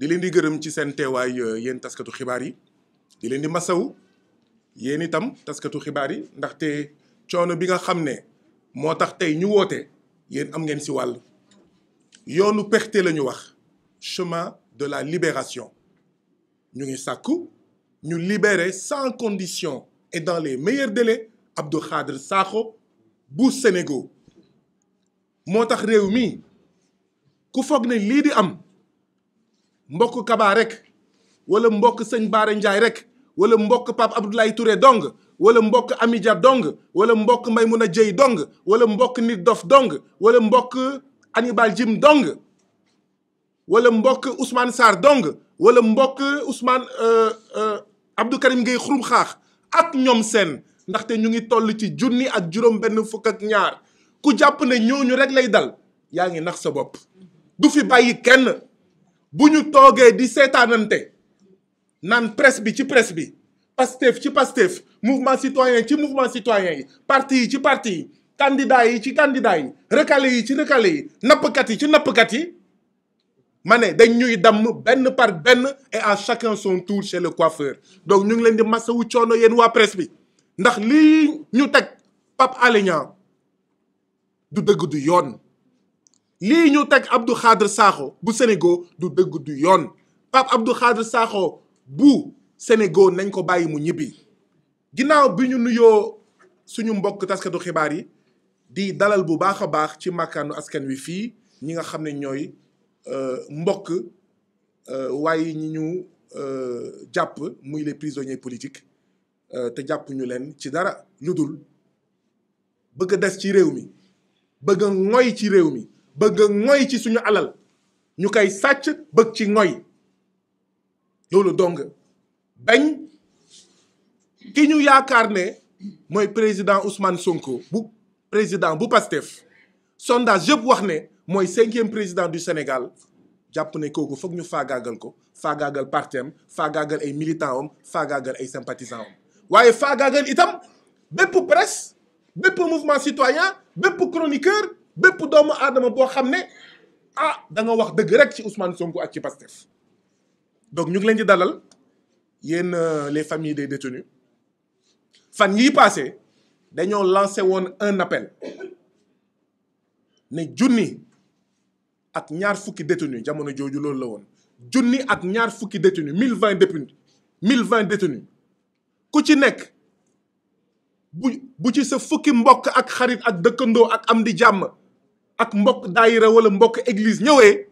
di leen di gërëm ci seen teewaay euh, yéen taskatu xibaar yi di leen di masaw yéen itam taskatu xibaar yi ndaxte coono bi nga xam ne moo tax tey ñu woote yéen am ngeen si wàll yoonu perte la ñu wax chemin de la libération ñu ngi sàkku ñu libérer sans condition et dans les meilleurs délais Abdou Khadre Sakho bu Sénégal moo tax réew mi ku foog ne lii di am mbokk Kaba rek wala mbokk sëñ Baara Ndiaye rek wala mbokk Pape Abdoulaye Touré dong wala mbokk Amidia dong wala mbokk may Maymouna Dieye dong wala mbokk Nit Dof dong wala mbokk Hannibal Jim dong wala mbokk Ousmane Sarr dong wala mbokk Ousmane euh, euh, Abdou Karim Gueye xurum xaax ak ñoom seen ndaxte ñu ngi toll ci junni ak juróom benn fukk ak ñaar ku jàpp ne ñooñu rek lay dal yaa ngi nax sa bopp du fi bàyyi kenn bu ñu toogee di seetaanante naan presse bi ci presse bi Pastef ci Pastef mouvement citoyen ci mouvement citoyen yi parti yi ci parti yi candidat yi ci candidat yi recalé yi ci recalé yi nappkat yi ci nappkat yi ma ne dañ ñuy damm benn par benn et à chacun son tour chez le coiffeur donc ñu ngi leen di masawu coono yéen waa presse bi ndax lii ñu teg Pape Alé du dëgg du yoon lii ñu teg abdu Khadre Sakho bu Sénégal du dëgg du yoon Pape abdu Khadre Sakho bu Sénégal nañ ko bàyyi mu ñibbi ginnaaw bi ñu nuyoo suñu mbokk taskatu xibaar yi di dalal bu baax a baax ci makkaanu askan wi fii ñi nga xam ne ñooy euh, mbokk euh, waaye ñi ñu euh, jàpp muy les prisonniers politiques te jàpp ñu leen ci dara lu dul bëgg des ci réew mi bëgg a ngoy ci réew mi bëgg a ngoy ci suñu alal ñu koy sàcc bëgg ci ngoy loolu dong bañ ki ñu yaakaar ne mooy président Ousmane Sonko bu président bu Pastef sondage yëpp wax ne mooy cinquième président du Sénégal jàpp ne kooku foog ñu faagaagal ko faagaagal partem faagaagal ay militant am faagaagal ay sympathisant am waaye faagaagal itam bépp presse bépp mouvement citoyen bépp chroniqueur bépp doomu aadama boo xam ne ah da wax dëgg rek ci Ousmane Sonko ak ci Pastef donc ñu ngi leen di dalal yéen euh, les familles de détenus fan yi passé dañoo lancé woon un appel ne junni ak ñaar fukki détenus jamono jooju loolu la woon junni ak ñaar fukki détenus mille vingt détenus mille vingt détenus ku ci nekk bu bu ci sa fukki mbokk ak xarit ak dëkkandoo ak am di jàmm ak mbokk daayira wala mbokk église ñëwee